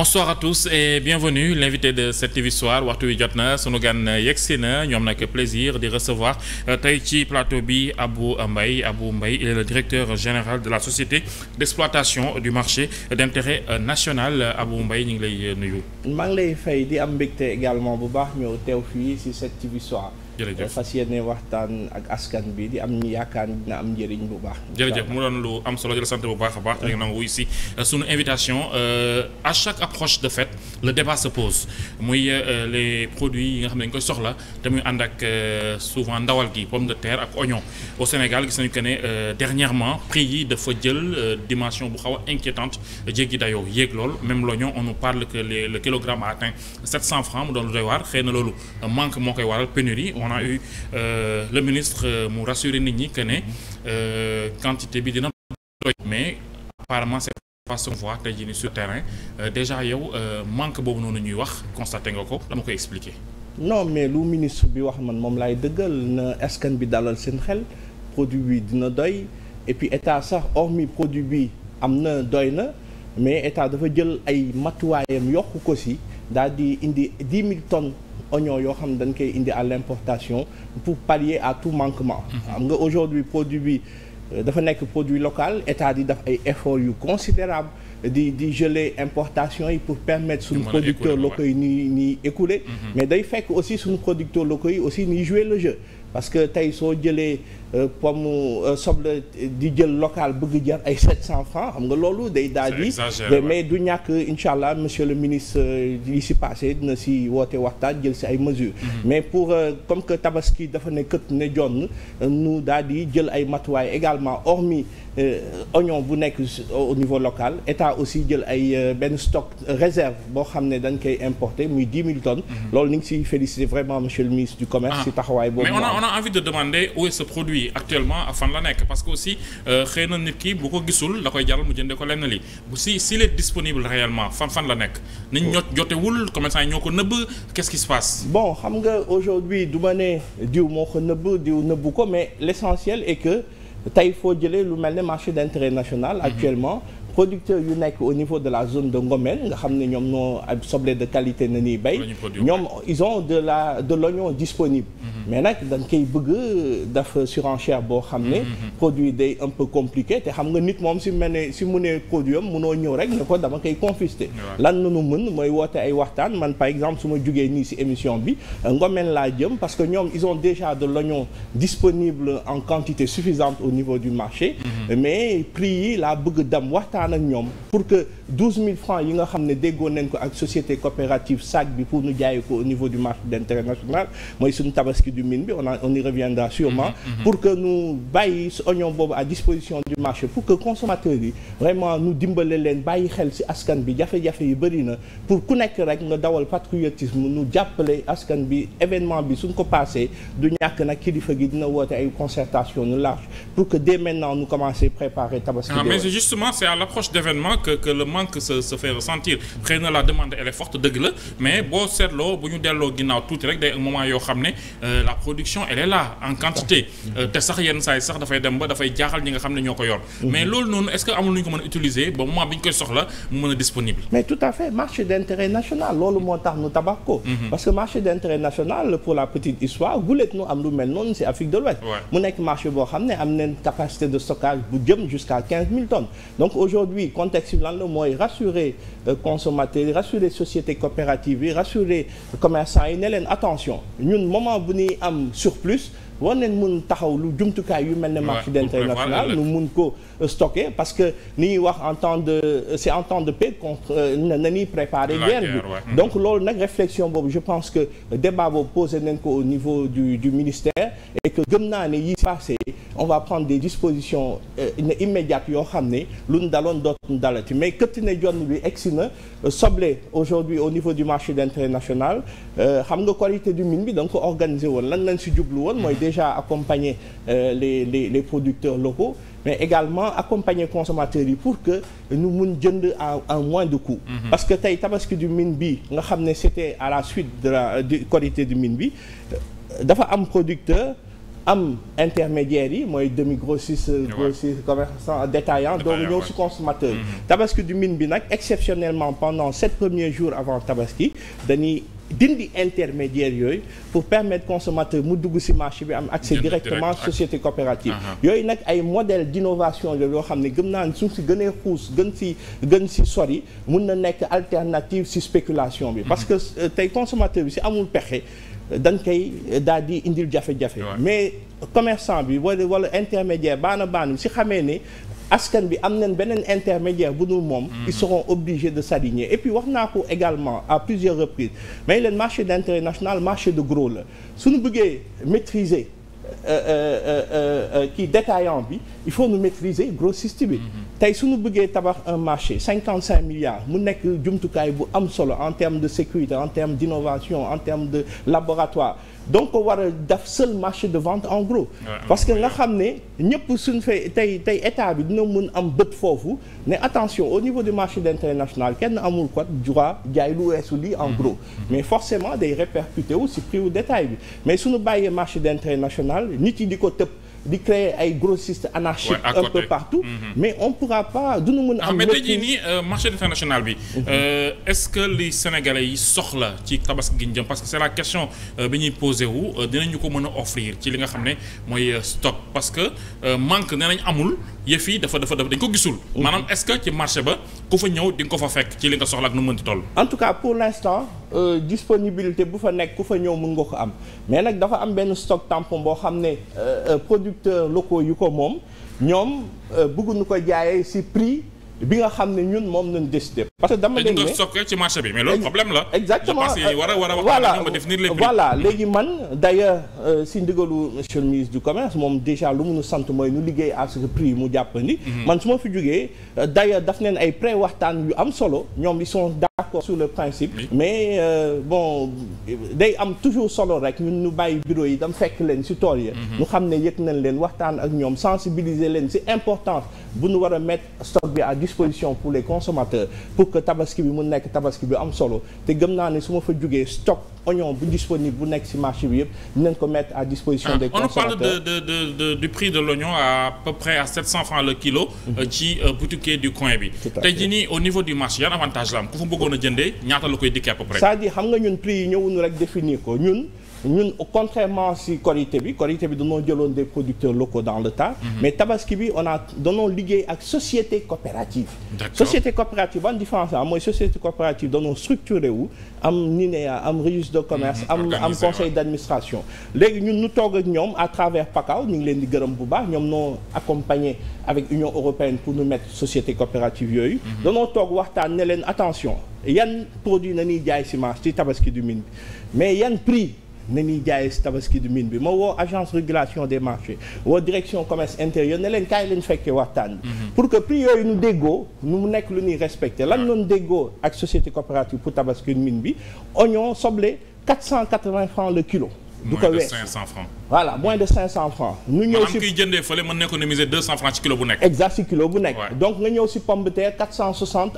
bonsoir à tous et bienvenue l'invité de 7TV Soir waxtu wi jot na sunu ñoom nag plaisir di recevoir euh, tey ci plateau bi Abou Mbaye Abou mbay il est le directeur général de la société d'exploitation du marché d'intérêt euh, national Abou mbay ñu ngi lay euh, nuyu. maa ngi fay di am mbégte également bu baax ñëw teew fii ci 7 jërëjëf fas yéene waxtaan ak askan bi di am yaakaar dina am njëriñ bu baax. jërëjëf mu doon lu am solo di la sant bu baax a baax. dinañ nangu wuy si euh, sunu invitation euh, à chaque approche de fête la débat se pose muy euh, les produits yi nga xam ne dañ koy soxla te muy ànd ak souvent ndawal gi pomme de terre ak oignon au Sénégal gis nañu que ne dernièrement prix yi dafa jël dimension bu xaw a inquiétante jéggi dayoo yéeg lool même l'oignon on parle que le kilogramme a atteint on a eu euh, le ministre euh, mu rassurer nit ñi que ne euh, quantité bi dina mais apparemment cette façon voie tey jii nii sur terrain déjà manque boobu noonu ñuy wax constaté nga ko dama koy expliquer. non mais lu ministre bi wax man moom laay dëggal na askan bi dalal seen xel produit bi dina doy et puis état sax hormis produit bi am na doy na mais état dafa jël ay matuwaayam yokk ko si. daal di indi dix mille tonnes yoo xam ne dañ koy indi à l'importation pour pallier à tout manquement mhm. xam nga aujourd'hui produit bi euh, dafa nekk produit local état di daf ay effort yu considérable di di geler importation yi pour permettre suñu producteurs locaux yi ñuy ñuy écouler mhm. mais day fekk aussi suñu producteur locaux yi aussi ni jouer le jeu parce que tey soo jëlee Euh, pomme euh, soble euh, di jël local bëgg jar ay 700 francs xam nga loolu day daal di mais du ñàkk incha allah monsieur le ministre li si passé dina si woote waxtaan jël si ay mesures mhm. mais pour comme que tabaski dafa ne kët ne jonn nu daal di jël ay matuwaay également hormis oignon bu nekk au niveau local état aussi jël ay benn stock réserve boo xam ne dañ koy importer muy 10 000 tonnes mhm. loolu ni ngi si féliciter vraiment monsieur le ministre du commerce ah. si taxawaay boobu lii a fan la nekk parce que aussi euh, xëy na nit ki bu ko gisul la koy jaral mu jëndee ko lenn li bu si le est disponible réellement fan fan la nekk nit ñoo jotewul commerçant yi ñoo ko nëbb qu'est-ce qui se passe bon xam nga aujourd'hui du ma ne diw moo ko nëbb diw nëbb ko mais l'essentiel est que tey foo jëlee lu mel ne marché d'intérêt national mhm. actuellement mm producteurs yu nekk au niveau de la zone de Ngomène nga xam ne ñoom noo ab soble de qualité na ñuy béy ñoom ils ont de la de l'oignon disponible mm-hmm. mais nag dañ koy bëgg daf surenchère boo xam ne mm-hmm. produit day un peu compliqué te xam nga nit moom si mel ne si mu ne produit am munoo ñëw rek ne ko dama koy confisqué lan na nu mën mooy woote ay waxtaan man par exemple su ma jugee nii si émission bi Ngomène laa jëm parce que ñoom ils ont déjà de l'oignon disponible en quantité suffisante au niveau du marché mm-hmm. mais prix yi laa bëgg dam waxtaan ak ñoom pour que 12000 francs yi nga xam ne déggoo nañ ko ak société coopérative SAC bi pour ñu jaay ko au niveau du marché d'intérêt national mooy suñu tabaski du mine bi on a on y reviendra sûrement mm-hmm, mm-hmm. pour que ñu bàyyi su oignon boobu à disposition du marché pour que consommateurs yi vraiment ñu dimbale leen bàyyi xel ci askan bi jafe-jafe yi bëri na pour ku nekk rek nga dawal patriotisme nu jàppale askan bi événement bi suñ ko passé du ñàkk nag kilifa gi dina woote ay concertation nu large pour que commencer préparer tabaski. Ah, mais justement c'est à l'approche d'événements que le manque se se fait ressentir na la demande elle forte dëgg la mais boo seetloo bu ñu delloo ginnaaw tuuti rek moment yoo xam ne euh, la production elle est en quantité. Euh, te sax yenn saa yi sax dafay dem ba dafay jaaxal ñi nga xam ne ñoo ko yor. Mhm. mais loolu noonu est-ce que amul lu a marché d'intérêt national loolu moo tax ñu tabax mhm. parce que marché d'intérêt national pour la petite bu jëm jusqu'à quinze mille tonnes donc aujourd'hui contexte bi lan la mooy rassurer euh, consommateurs yi rassurer société coopérative yi rassurer commerçant yi ne leen attention ñun moment bu ñuy am surplus war nañ mun taxaw lu jumtukaay yu mel ne marché d'intérêt national nu mun ko euh, stocker parce que ni ñuy wax en temps de c'est en temps de paix contre euh, na ñuy préparer guerre donc loolu nag réflexion boobu je pense que débat boobu posé nañ ko au niveau du du ministère et que gëm naa ne yi passé on va prendre des dispositions euh, immédiates yoo xam ne lu ñu daloon dootuñu dalati mais këtti ne jonn bi egsi na euh, soble aujourd'hui au niveau du marché d'intérêt national euh, xam nga qualité du mine bi da nga ko organiser woon lan lañ si jublu woon mooy déjà accompagner les les les producteurs locaux mais également accompagner consommateurs yi pour que ñu mun jënd à à moins de coût. Mm-hmm. parce que tey tabaski du mine bi nga xam ne c'était à la suite de la qualité du mine bi dafa am producteur. am intermédiaires yi mooy demi grossiste grossiste commerçant détaillant donc ñëw si consommateur mm-hmm. tabaski di mine bi nag exceptionnellement pendant sept premiers jours avant tabaski dañuy dindi intermédiaire yooyu pour permettre consommateur mu dugg si marché bi am accès directement société coopérative uh-huh. yooyu nag ay modèle d'innovation la yoo xam ne gën naa ne suñ ci gënee xuus gën ci gën ci sori mun na nekk alternative si spéculation bi mm-hmm. parce que euh, tey consommateur bi si amul pexe da nga koy daal di indil jafe-jafe mais commerçant bi wala wala intermédiaire baana baana si xamee ne askan bi am nañ beneen intermédiaire bu nu moom mm. ils seront obligés de s'aligner et puis wax naa ko également à plusieurs reprises mais leen marché d'intérêt national marché de gros la suñu bëggee maitriser Euh, euh, euh, kii détaillant bi il faut nu maîtriser grossiste bi mhm. tey suñu bëggee tabax marché cinquante cinq milliards mu jumtukaay bu am solo en de sécurité en termes d'innovation en de laboratoire donc war a def seul marché de vente en gros parce que nga xam ne ñëpp suñ fay tey tey état bi dina mun am bët foofu mais attention au niveau du marché international kenn amul ko droit jaay lu weesu lii en mm-hmm. gros mm-hmm. mais forcément day répercuté aussi prix au détail bi mais suñu bàyyee marché international nit yi di ko tëb di créer ay grossistes anarchiques ouais, un peu partout mhm. mais on pourra pas du ñu mën ah, am mais tey jii nii euh, marché international bi mhm. euh, est-ce que li sénégalais yi soxla ci tabaski gi ñu parce que c'est la question euh, bi ñuy posé wu euh, dinañu ko mën a offrir ci li nga xam ne mooy stock parce que manque nee nañ amul yëf yi dafa dafa dañ ko gisul. maanaam est-ce que ci marché ba ku fa ñëw di nga ko fa fekk ci li nga soxla ak nu mënti toll. en tout cas pour l'instant euh, disponibilité bu fa nekk ku fa ñëw mën nga ko am mais nag dafa am benn stock tampon boo xam ne euh, euh, producteurs locaux yu ko moom ñoom nu euh, ko jaayee si prix. bi nga xam ne ñun moom lañ décidé. parce que dama leen ne dañu doon ci marché bi mais loolu problème la. exactement war a war a waxtaan ba définir les prix. voilà léegi man d' euh, si ndigalu monsieur le ministre du commerce moom déjà lu mu nu sant mooy nu liggéey à ce que prix mu jàppandi. Mhm. man su ma fi jógee euh, d' daf neen ay pré waxtaan yu am solo ñoom ils sont d' accord sur le principe. mais euh, bon day am toujours solo rek ñun ñu bàyyi bureau yi dam fekk leen si tool ya. ñu mhm. xam ne yëg nañ leen waxtaan ak ñoom sensibiliser leen si importance bu nu war a mettre stock disposition pour les consommateurs pour que tabaski bi mu nekk tabaski bi am solo te gëm naa ne su ma fa jugee stock oignon bu disponible bu nekk ci marché bi yëpp dinañ ko mettre à disposition. des consommateurs on parle du prix de l'oignon à peu près à 700 francs kilo. Mm-hmm. Euh, ci euh, boutique du coin bi. tey jii nii au niveau du marché yan avantage la am ku fa bëggoon a jëndee ñaata la koy dikkee à peu près. cest dire xam nga ñun prix yi ñëwuñu rek définir ko ñun. ñun contrairement si korité bi korité bi dañoo jëloon des producteurs locaux dans le temps. Mhm. mais tabaski bi on a dañoo liggéey ak société coopérative. société coopérative ban différence am mooy société coopérative dañoo structuré wu am NINEA am registre de commerce. Mhm. am am conseil d' administration. léegi ñun ñu toog ak ñoom à travers PACAO ñu ngi leen di gërëm bu baax ñoom noo accompagné avec Union européenne pour nous mettre société coopérative yooyu. Mhm. dañoo toog waxtaan leen attention yan produit na ñuy jaay semence ci tabaski du mine mais yan prix. na ñuy jaayee si tabaski du mine bi ma woo agence régulation des marchés woo direction commerce intérieur ne leen kaay leen fekkee waxtaan bi mhm. pour que prix yooyu ñu déggoo mu nekk lu ñuy respecté lan noonu ah. déggoo ak société coopérative pour tabaski du mine bi oignon soble 480 francs le kilo du ko wees moins de 500 francs. voilà moins de 500 francs. ñu ñëw si maanaam kiy jëndee fële mën na économiser 200 francs ci kilo bu nekk. exact si kilo bu nekk. donc nga ñëw si pomme de terre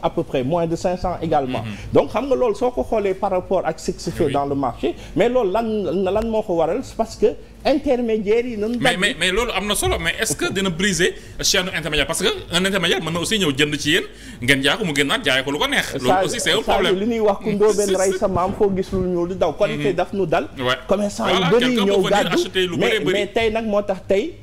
à peu près moins de également. Mm-hmm. donc xam nga loolu soo ko xoolee par rapport ak ce qui se fait dans le marché mais loolu lan lan moo ko waral parce que. intermédiaires yi noonu. mais mais mais loolu am na solo mais est-ce que dina briser chaîne intermédiaire parce que un intermédiaire mën na aussi ñëw jënd ci yéen ngeen jaay ko mu génnaat jaay ko lu ko neex. loolu aussi c'est un problème li wax ku ndóobeen rey sa maam foo gis lu ñuul di daw. kon mm-hmm. tey daf nu dal. commerçant yu bëri ñëw gàddu mais tey nag moo tax tey.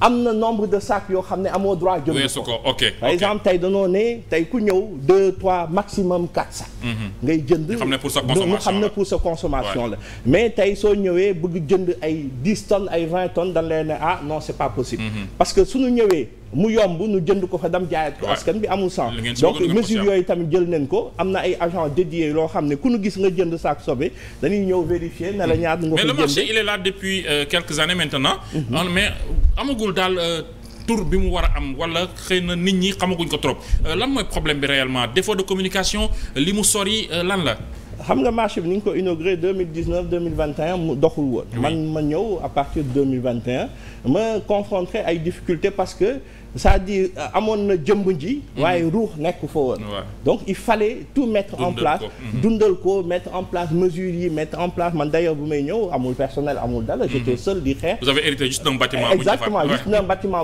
am na nombre de sacs yoo xam ne amoo droit jënd ko ok par exemple tey danoo ne tey ku ñëw deux troit maximum quatre sacs mhm. ngay jënd mu xam ne pour sa consommation la pour sa consommation la mais tey soo ñëwee bugg jënd ay dix tonnes ay vingt tonnes dañ leen ne ah non c'est pas possible mhm. parce que suñu ñëwee mu yomb nu jënd ko fa dam jaayat ko askan bi amul sens donc mesures yooyu tamit jël nañ ko am na ay agent dédié loo xam ne ku nu gis nga jënd saak sobe dañuy ñëw vérifier ne la mm-hmm. ñaata nga ko jënd mais le marché il est là depuis euh, mm-hmm. ah, mais amagul daal euh, tour bi mu war a am wala xëy na nit ñi xamaguñ ko trop euh, lan mooy problème bi réellement défaut de communication li mu sori lan la xam nga marché bi nu ñu ko inauguré 2019 2021 mu doxul woon man ma ñëw à partir de 2021 ma confronté ay difficultés parce que c'est-à-dire euh, amoon na jëmb ji. Mhm. waaye ruux nekk fa woon. donc il fallait tout mettre dundal en place. Mhm. dundal ko mettre en place mesures yi mettre en place man d'ailleurs bu may ñëw amul personnel amul dara. Mhm. j'étais seul di xeex. vous avez hérité juste d'un bâtiment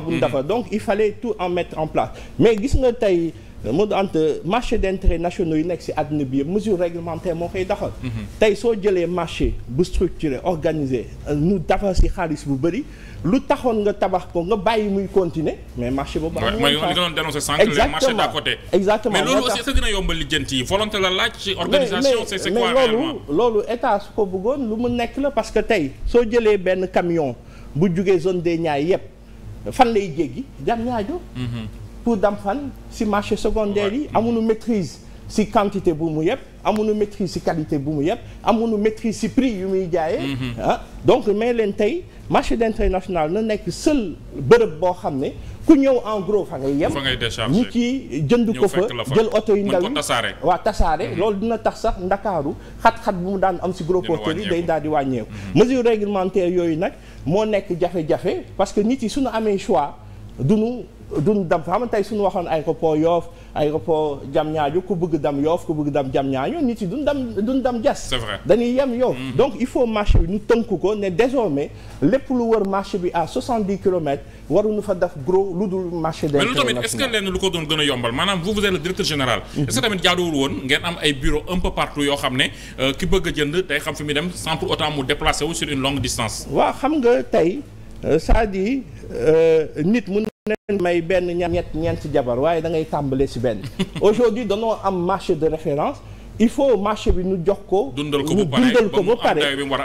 bu ñu defar donc il fallait tout en mettre en place mais gis nga tey. moo ante marché d'intérêt nationaux yi nekk ci àdduna bi yëpp mesure réglementaire moo koy doxal mhm. tey soo jëlee marché bu structuré organisé mu dafa ci xaalis bu bëri lu taxoon nga tabax ko nga bàyyi muy continuer mais marché boobu am mooy li nga doon dénoncé sànq les marchés d'à côté exactement mais loolu aussi est-ce que dina yombal lijjanti yi volonté la laaj ci organisation c'est quoi loolu loolu état su ko bëggoon lu mu nekk la parce que tey soo jëlee benn camion bu jugee zone des Niayes yëpp fan lay jéggi jam pour dem fan si marché secondaire yi amuñu maîtrise si quantité bu mu yëpp amuñu maîtrise si qualité bu mu yëpp amuñu maîtrise si prix yu muy jaayee mhm. ah donc mais leen tey marché d'intérêt national na nekk seul bërëb boo xam ne ku ñëw en gros fa ngay yem ñi ci jënd ko fa jël oto yu ndaw yi waaw tasaare mhm. loolu dina tax sax ndakaaru xat-xat bu mu daan am si gros porteurs day daal di wàññeeku mhm. mesure réglementaire yooyu nag moo nekk jafe-jafe parce que nit duñ dem xam nga tey suñu waxoon aéroport Yoff aéroport Diamniadio ku bëgg dem Yoff ku bëgg dem Diamniadio nit yi duñ dem duñ dem Diass c'est vrai yem Yoff mm-hmm. donc il faut marché bi ñu tënk ko ne désormais lépp lu wër marché bi à 70 kilomètres waruñu fa def gros lu dul marché d'intérêt national mais loolu tamit lu ko doon gën a yombal maanaam vous vous êtes le directeur général mm-hmm. est-ce que tamit woon ngeen am ay bureau un peu partout yoo xam ne euh, ki bëgg a jënd tey xam fi mu dem sans pour autant mu déplacer wu sur une longue distance waaw xam nga tey euh, c'est-à-dire euh, nit mun may benn ñett ñeent ci jabar waaye da ngay tàmbale ci benn aujourd'hui danoo am marché de référence il faut marché bi nu jox ko dundal ko ba pare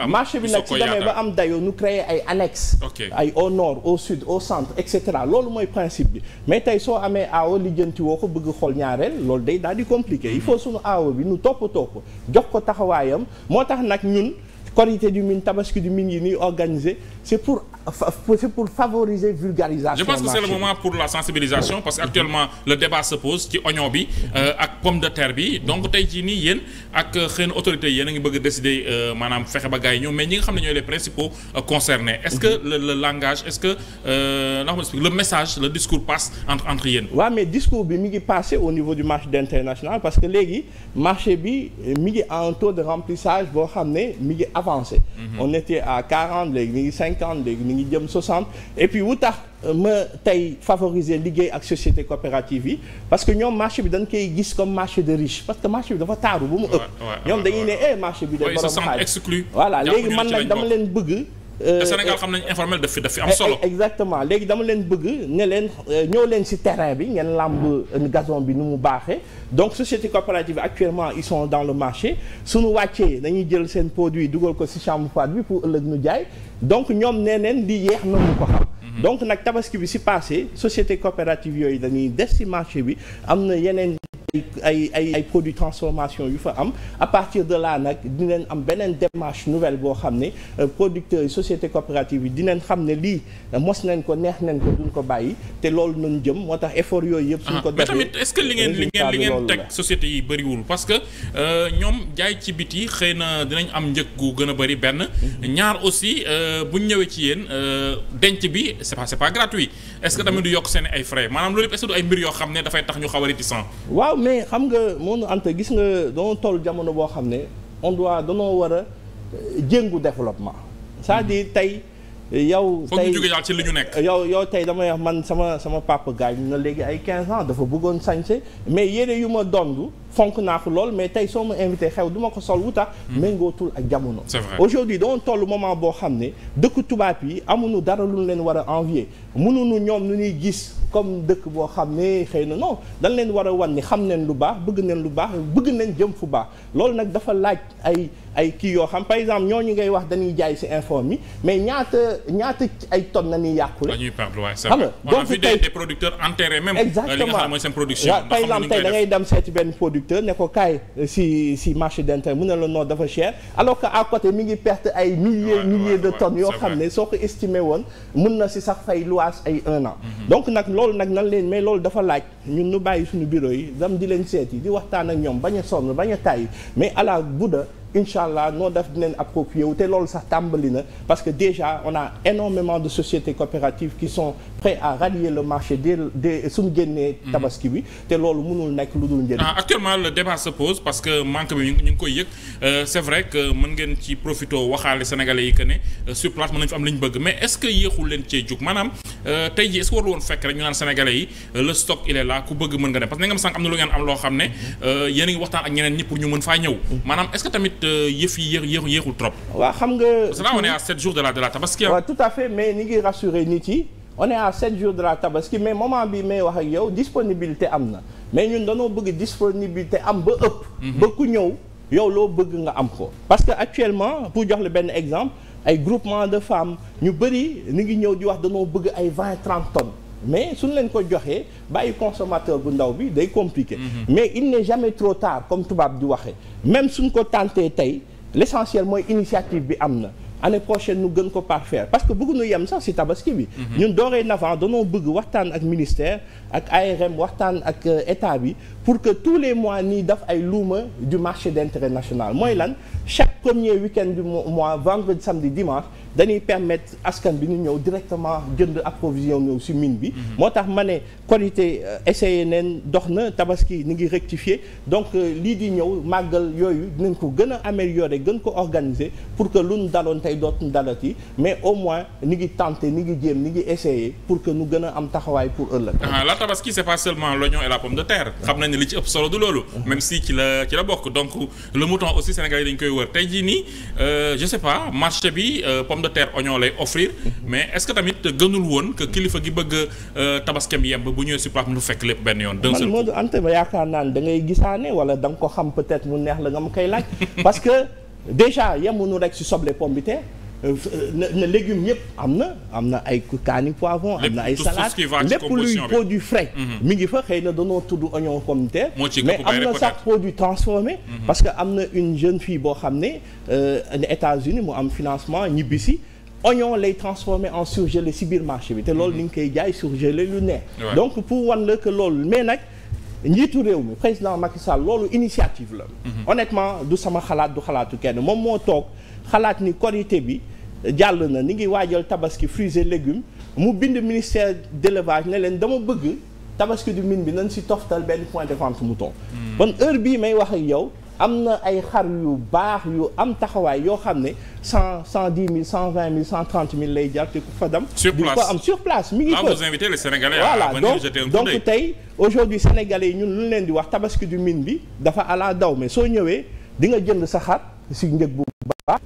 marché bi nag ci demee ba am dayoo nu créer ay annexe ay au nord au sud au centre et cetera loolu mooy principe bi mais tey soo amee aawo lijjanti woo ko bëgg xool ñaareel loolu day daal di compliqué il faut sunu aawo bi nu toppatoo ko jox ko taxawaayam moo tax nag ñun korité du mine tabaski du mine yi nuy organiser c'est pour favoriser vulgarisation. je pense que c'est le moment pour la sensibilisation parce que actuellement le débat se pose ci oignon bi euh, ak pomme de terre bi donc tey jii nii yéen ak euh, xëy na autorités a ngi bëgg a décider euh, maanaam fexe ba gars yi ñëw mais ñi nga xam ne ñooy les principaux concernés. est-ce que le le langage est-ce que le message le discours passe entre entre yéen. waaw mais discours bi mi ngi passé au niveau du marché international parce que léegi marché bi mi ngi à taux de remplissage boo xam ne mi ngi avancé. Mhm. on était mi ngi 50 mi ngi jëm 60 et puis tax euh, ma tey favoriser liggéey ak société coopérative yi parce que ñoom marché bi dañ koy gis comme marché de riche parce que marché bi dafa taaru bu mu ëpp ñoom dañuy ne eh marché bi day borom xaalis voilà léegi man nag dama leen bëgg euh, te xam nañ informel daf fi eh, exactement léegi dama leen bëgg ne leen euh, ñëw leen si terrain bi ngeen làmb gazon bi nu mu baaxee donc société coopérative actuellement ils son dans le marché suñu wàccee dañuy jël seen produit dugal ko si chambre froide bi pour ëllëg nu jaay. donc ñoom nee neen li yeex na mu ko xam mhm. donc nag tabaski bi si passé société coopérative yooyu dañuy des si marché bi am na yeneen ay ay ay produits transformation yu fa am à partir de la nag dinañ am beneen démarche nouvelle boo xam ne euh, producteurs yi société coopérative bi dinañ xam ne lii mos nañ ko neex nañ ko duñ ko bàyyi te loolu nañu jëm moo tax effort yooyu yëpp suñ ah, ko defee mais tamit est-ce que li ngeen li ngeen li ngeen teg sociétés yi bëriwul parce que euh, ñoom jaay ci biti xëy na dinañ am njëg gu gën a bëri benn mhm. bu ñu ñëwee ci yéen euh, denc bi c'est pas c'est pas gratuit est que tamit du yokk seen ay frais maanaam loolu yëpp est du ay mbir yoo xam ne dafay tax ñu xaw a réticent waaw mais xam nga moonu Anta gis nga dañoo toll jamono boo xam ne on doit dañoo war a euh, jéngu développement c'est-à-dire tey yow tey jóge daal ci li ñu nekk yow yow tey damay wax man sama sama papa gaañ na léegi ay 15 ans dafa bëggoon sañse mais yére yu ma dond fonk naa ko lool mais tey soo ma invité xew duma ma ko sol wu tax hmm. méngootul ak jamono aujourd'hui doon toll moment boo xam ne dëkk tubaab yi amuñu dara lu leen war a envier mënuñu ñoom nu ñuy gis comme dëkk boo xam ne xëy na non dañ leen war a wan ni xam nañ lu baax bëgg nañ lu baax bëgg nañ jëm fu baax loolu nag dafa laaj ay kii yoo xam par exemple ñu ngay wax dañuy jaay si informe yi mais ñaata ñaata ay tonnes na ñuy yàqule. dañuy perdre waaye sax on a vu producteur ne ko kaay si si marché d'intérêt mun na la non dafa cher alors que à côté mu ngi perte ay milliers milliers de tonnes yoo xam ne soo ko estimé woon mun na si sax fay luwaas ay un an mhm. donc nag loolu nag nan leen mais loolu dafa laaj ñun nu bàyyi suñu bureau yi dam di leen seet yi di waxtaan ak ñoom bañ a sonn bañ a tàyyi mais à la incha allah noo def dinañ approprier wu te lool sax tàmbali na parce que déjà on a énormément de sociétés coopératives qui son prêts à rallier le marché dès dès suñu génnee mhm. tabaski bi te loolu mënul nekk lu dul njëriñ ah, actuellement le débat se pose parce que manque bi ñu ngi koy yëg euh, c'est vrai que mën ngeen ci profito waxaale sénégalais yi que ne euh, sur place mën nañu fa am li ñu bëgg mais est-ce que yéexul leen cee jug maanaam Euh, tey jii est-ce que waru woon fekk rek ñu naan sénégalais yi euh, le stock il est ku bëgg mën nga dem parce que nga am sànq am na lu ngeen am loo xam ne euh, yéen a ngi waxtaan ak ñeneen ñi pour ñu mën faa ñëw maanaam est-ce que tamit yëf yi yéex trop waaw xam nga parce que là on à sept jours de la de la tabaski waaw tout à fait mais ni ngi mais moment bi may wax ak yow disponibilité am na mais ñun dañoo bëgg disponibilité am ba ëpp mhm. ba ku ñëw yow loo bëgg nga am ko parce que actuellement pour jox le benn exemple ay groupement de femmes ñu bëri ni ngi ñëw di wax dañoo bëgg ay vingt trente tonnes mais suñu leen ko joxee bàyyi consomateur bu ndaw bi day compliqué. Mhm. mais il n'est jamais trop tard comme tubaab di waxee même suñ ko tàntee tey l'essentiel mooy initiative bi am na année prochaine nu gën ko parfaire parce que bëgguñu yem sax si tabaski bi. ñun dorénavant danoo bëgg waxtaan ak ministère ak ARM waxtaan ak euh, état bi pour que tous les mois nii daf ay luuma du marché d'intérêt national mooy mhm. lan chaque premier week-end du mois vendredi samedi dimanche. dañuy permettre askan bi ñu ñëw directement jënd approvisionné si mine bi. moo tax ma ne qualité euh, essayé neen dox na tabaski ni ngi rectifier donc euh, lii di ñëw màggal yooyu dinañ ko gën a améliorer gën ko organiser pour que lu ñu daloon tey dootuñu dalati mais au moins ni ngi tenter ni ngi jéem ni ngi essayer pour que nu gën a am taxawaay pour ëllëg. Ah, la tabaski c'est pas seulement l'oignon et la pomme de terre. xam nañ ne li ci ëpp solo du loolu. même si ci la aussi Sénégal yi dañ koy wër tey jii nii euh, je marché bi pomme de terre oignon lay mais est-ce tamit gënul woon que kilifa gi bëgg euh, tabaskem yemb bu ñëwee si plateau lu fekk lépp benn yoon. d'un seul coup man Modou yaakaar naa ne da ngay gisaane wala da nga ko xam peut-être mu neex la nga ma koy laaj parce que déjà yemuñu rek si soble pomme na légumes yëpp am na am na ay kaani poivron am na ay salade lépp luy produit frais mhm. mi ngi fa xëy na danoo tudd oignon pomme de terre mais am na sax produit transformé mhm. parce que am na une jeune fille boo xam euh, ne États-Unis mu am financement ñibbisi oignon lay transformé en surgelé si biir marché bi te loolu ni mhm. ngi koy jaay surgelé lu ne donc pour wan la que loolu mais nag njiitu réew mi président Macky Sall loolu initiative la honnêtement du sama xalaat du xalaatu kenn moom moo toog xalaat ni korité bi jàll na ni ngi waajal tabaski fruits et légumes mu bind ministère d'élevage ne leen dama bëgg tabaski du mine bi nañ si toftal benn point de vente mouton kon hmm. heure bi may wax ak yow am na ay xar yu baax yu am taxawaay yoo xam ne cent cent dix mille cent vingt mille cent trente mille lay jar te ku fa dem. sur place ko am sur place mi ngi ko. vous invitez donc tey aujourd'hui Sénégalais yi ñun lu leen di wax tabaski du mine bi dafa ala daw mais soo ñëwee di nga jënd sa si njëg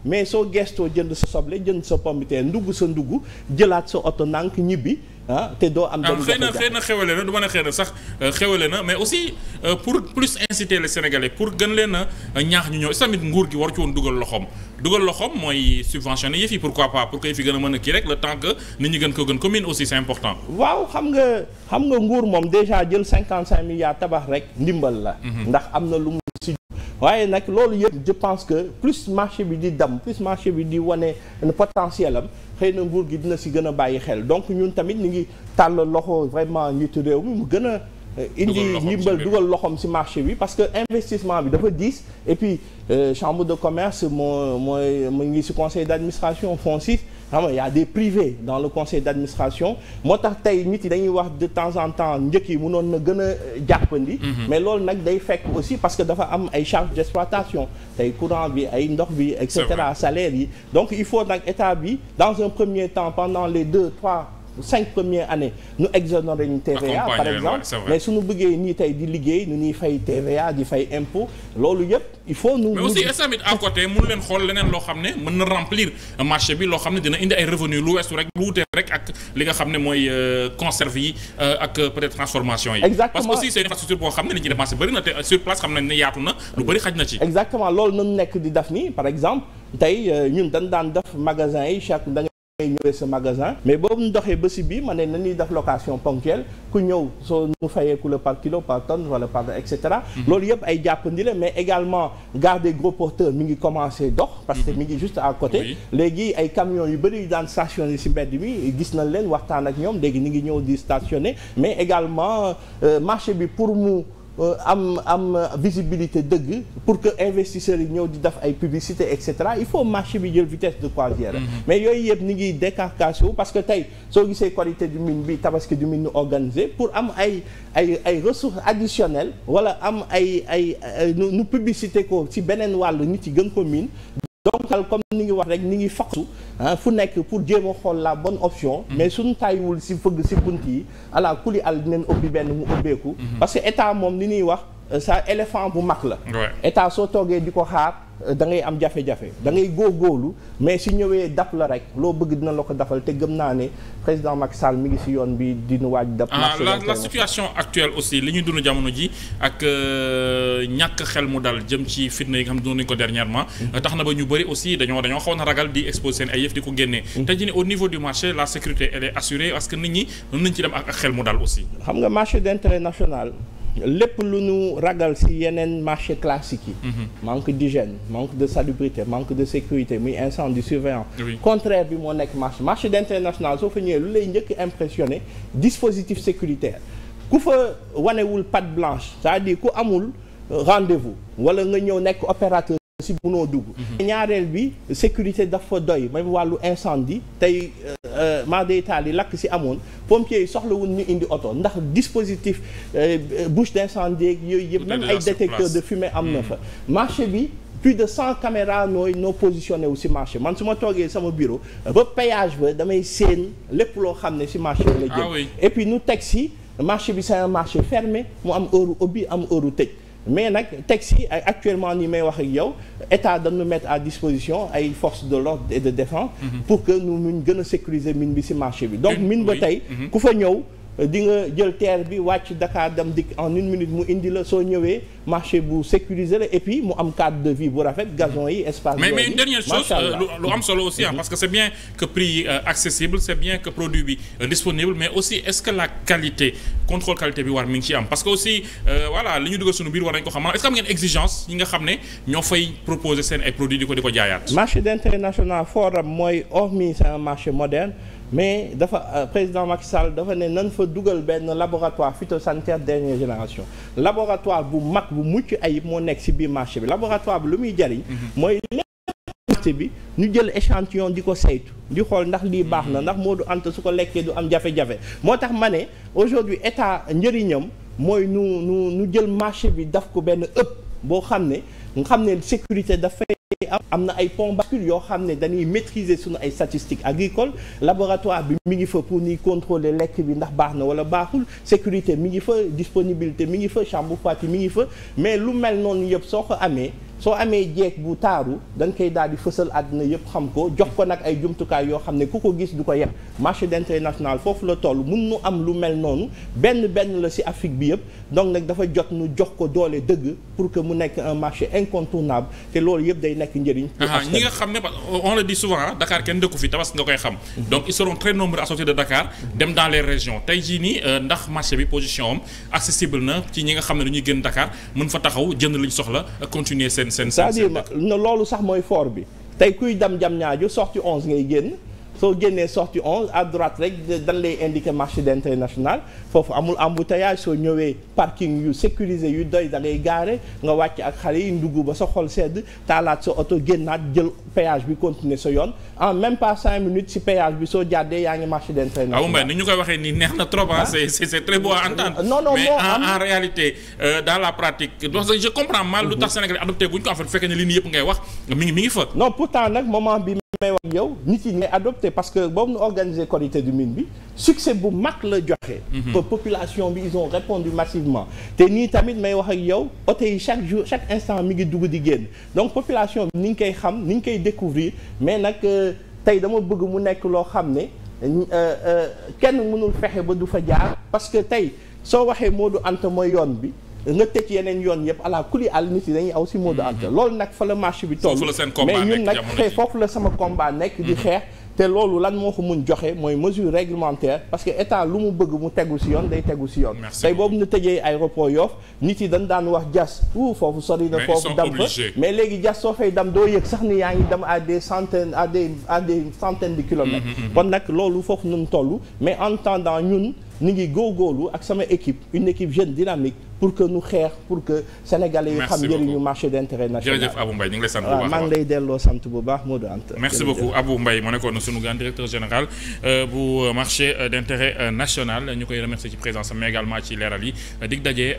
mais soo gestoo jënd sa soble jënd sa pommité ndugg sa ndugg jëlaat sa oto nànk ñibbi ah te doo am. benn ah, xëy na xëy na xewale du ma ne xëy sax euh, xewale na mais aussi euh, pour plus inciter les Sénégalais pour gën leen a euh, ñaax ñu ñëw tamit nguur gi war ci woon dugal loxoom. dugal loxoom mooy subventionné yëf yi pourquoi pas pour que yëf yi gën a mën a kii rek le temps que nit ñu gën ko gën commune aussi c'est important. waaw xam nga xam nga nguur moom déjà jël cinquante cinq milliards tabax rek ndimbal la. Mhm. waaye nag loolu yëpp je pense que plus marché bi di dem plus marché bi di wane potentiel am xëy na nguur gi dina si gën a bàyyi xel donc ñun tamit ñu ngi tàll loxo vraiment njiitu réew mi mu gën a euh, indi ndimbal dugal loxoom si marché bi parce que investissement bi dafa diis et puis euh, chambre de commerce moo mooy mu ngi si conseil d'administration FONSIS xam nga y a dans le conseil d'administration moo tax tey nit yi dañuy wax de temps en temps njëkk yi mënoon na gën a euh, jàppandi mhm. mais loolu nag day fekk aussi parce que dafa am ay charges d'exploitation tey courant bi ay ndox bi et cetera salaire yi donc il faut nag état bi dans un premier temps pendant les deux trois cinq premières années ñu exonéré ñu TVA par exemple mais suñu bëggee nii tey di liggéey ñu ñuy fay TVA di fay impôt loolu yëpp il faut nous mais leen xool leneen loo xam ne mën na remplir marché bi loo xam ne dina indi ay revenu lu weesu rek lu wutee rek ak li nga xam ne mooy euh, conserve yi euh, ak euh, peut-être xam ne li ñuy dépensé bëri na te sur nekk di def nii par exemple tey ñun dañ daan def magasin yi chaque ngay ñëwee sa magasin mais boobu doxee ba si bii ma ne nañuy def location ponctuelle ku ñëw soo mu fayeeku la par kilo par tonne wala par et cetera mhm. loolu yëpp ay jàppandi la mais également gare des mi ngi commencé dox parce que mhm. mi ngi juste à côté léegi ay camions yu bëri yu daan stationné si mbedd mi gis nañ leen waxtaan ak ñoom léegi ñu ngi ñëw di stationné mais également euh, marché bi pour mu Euh, am am visibilité dëgg pour que investisseurs yi ñëw di def ay publicité et cetera il faut marché bi jël vitesse de croisière mm-hmm. mais yooyu yëpp ni ngi décarcation parce que tey soo gisee qualité du mine bi tabaski du mine organisé pour am ay ay ay ressources additionnelles wala am ay ay nu publicité ko ci beneen wàll nit yi gën ko mine donc daal comme ni ngi wax rek ni ngi faqsu fu nekk pour jéem a xool la bonne option mm-hmm. mais suñu tàyyiwul si fëgg si bunt yi ala kuli al dinañ ubbi benn mu ubbeeku mm-hmm. parce que état moom li ñuy wax sa euh, éléphant bu mag la état soo toogee di ko xaar da ngay am jafe-jafe da ngay góorgóorlu mais su ñëwee daf la rek loo bëgg dina la ko dafal te gëm naa ne président Macky Sall mi ngi si yoon bi dina waaj daf ah la la situation actuelle aussi li ñu dund jamono ji ak euh, ñàkk xel mu dal jëm ci fitna yi nga xam ne mm-hmm. na ba ñu bëri aussi dañoo dañoo xawoon a ragal di exposer seen ay yëf di ko génnee te ji ne au niveau du marché la sécurité elle est parce que nit ñi mën nañ ci dem ak xel mu dal aussi xam nga marché d'intérêt national lépp lu ñu ragal si yeneen marché classique yi mmh. manque d'hygiène manque de salubrité manque de sécurité muy incendie surveillant oui. contraire bi moo nekk marché marché d'international soo fa ñëwee lu lay njëkk impressionné dispositif sécuritaire ku fa wanewul patte blanche c'est-à-dire ku amul euh, rendez-vous wala nga ñëw nekk opérateur si mënoo dugg ñaareel bi sécurité dafa doy même wàllu incendie tey maa day taal yi lakk si amoon pompiers yi soxlawul ñu indi oto ndax dispositif euh, euh, bouche d'incendie yeeg yooyu yëpp même ay détecteur de fume am na fa hmm. marché bi plus de cent caméras nooy noo positionné wu ci marché man su ma toogee sama bureau ba péage ba damay séen lépp loo xam ne ci marché bi la ah jëm et puis nu teg ci marché bi c'est marché fermé mu am heure ubbi am heure tëj mais nag texte yi actuellement nii may wax ak yow état dañu mettre à disposition ay force de l'ordre et de défense mhm. pour que nu mun gën a sécuriser mine bi ci marché bi donc eh, mine ba tey mhm. ku fa ñëw di nga jël terre bi wàcc Dakar dem dikk en une minute mu indi la soo ñëwee marché bu sécurisé la et puis mu am cadre de vie bu rafet gazon yi espace. mais mais euh, am solo aussi ah parce que c'est bien que prix euh, accessible c'est bien que produit bi euh, disponible mais aussi est-ce que la qualité contrôle qualité bi war mi ci am parce que aussi voilà li ñu dugal suñu biir war nañ ko xam maanaam est-ce que am ngeen exigence ñi nga xam ne ñoo fay proposer seen ay produits di ko di ko jaayaat. marché d'intérêt national forum marché moderne. mais dafa euh, président Macky Sall dafa ne nan fa dugal benn laboratoire phytosanitaire dernière génération laboratoire bu mag bu mucc ayib moo nekk ci biir marché bi laboratoire bi lu muy jariñ mhm. mooy marché bi ñu jël échantillon di ko saytu di xool ndax lii baax na mhm. ndax moo du ant su ko lekkee du am jafe-jafe moo tax ma ne aujourd'hui état njëriñam mooy nu nu nu jël marché bi daf ko benn ëpp boo xam ne nga xam ne sécurité dafay am na ay pont bascule yoo xam ne dañuy maîtriser suñu ay statistiques agricoles laboratoire bi mi ngi fa pour ñuy contrôler lekk bi ndax baax na wala baaxul sécurité mi ngi fa disponibilité mi ngi fa chambre yi mi ngi fa mais lu mel noonu yëpp soo ko amee soo amee jeeg bu taaru da nga koy daal di fësal àddina yëpp xam ko jox ko nag ay jumtukaay yoo xam ne ku ko gis du ko yem marché d'intérêt national foofu la toll mun nu am lu mel noonu benn benn la ci Afrique bi yëpp donc nag dafa jot nu jox ko doole dëgg pour que mu nekk un marché incontournable te loolu yëpp day nekk njëriñ. ñi nga xam ne ba le dit souvent ah, Dakar kenn dëkku fi Tabaski nga koy xam. Mm-hmm. donc ils seront très nombreux associés de Dakar dem les régions tey jii nii euh, ndax marché bi position am na ci ñi nga xam ne dañuy génn Dakar mën fa taxaw jënd liñ soxla continuer seen seen ma à loolu sax mooy fort bi tey kuy dem jam ñaaju sorti 11 ngay génn. soo génnee sortie 11 à droite rek dañ lay indiquer marché d'intérêt foofu amul embouteillage soo ñëwee parking yu sécurisé yu doy da ngay gaare nga wàcc ak xale yi ndugg ba sa xol sedd taalaat sa oto génnaat jël péage bi continuer sa yoon en même pas cinq minutes si péage bi soo jàddee yaa ngi marché d'intérêt national. waaw Mbaye ni ñu koy waxee nii neex na trop ah c'est c'est très beau à entendre. non non mais en en réalité euh, dans la pratique donc je comprends mhm. yëpp ngay wax may wax yow nit yi ngay adopté parce que boobu nu organisé Korité du Mine bi succès bu mag la joxee mhm. ba population bi ils ont répondu massivement te nii tamit may wax ak yow oto chaque jour chaque instant mi ngi dugg di génn donc population bi ni ñu koy xam ni ñu koy découvrir mais nag euh, tey dama bëgg mu nekk loo xam ne euh, euh, kenn mënul fexe ba du fa jaar parce que tey soo waxee Modou Anta mooy yoon bi nga tëj yeneen yoon yëpp ala kuli àll nit yi dañuy aw si mode mhm. ante loolu nag fa la marché bi toll mais ñun nag foofu la sama combat nekk di mhm. xeex te loolu lan moo ko mun joxe mooy mesure réglementaire parce que état lu mu bëgg mu tegu si yoon day tegu si yoon tey boobu ñu tëjee aéroport Yoff nit yi dañ daan wax jas u foofu sori na foofu dam fa mais léegi jas soo fay dam doo yëg sax ni yaa ngi dem à des centaines à des bi des centaines mhm, kon nag loolu foofu nun toll mais en attendant ñun ni ngi góorgóorlu ak sama équipe une équipe jeune dynamique pour que nu xeex pour que sénégalais yi xam njëriñu marché d'intérêt national jërëjëf Abou Mbaye ñu ngi lay sant bu baax maa ngi lay delloo sant bu baax Modou Anta merci beaucoup Abou Mbaye mu nekkoon sunu grand directeur général euh, bu marché euh, d'intérêt euh, national ñu koy remercier ci présence mais également ci leeral yi dig daje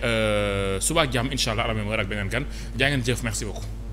suba ak jàmm incha allah ala même heure ak beneen gan jaa jëf merci beaucoup